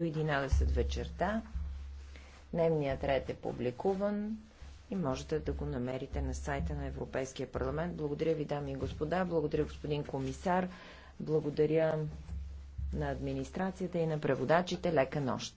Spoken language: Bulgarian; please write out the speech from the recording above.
до 11 вечерта. Дневният ред е публикуван и можете да го намерите на сайта на Европейския парламент. Благодаря ви, дами и господа, благодаря господин комисар, благодаря на администрацията и на преводачите. Лека нощ!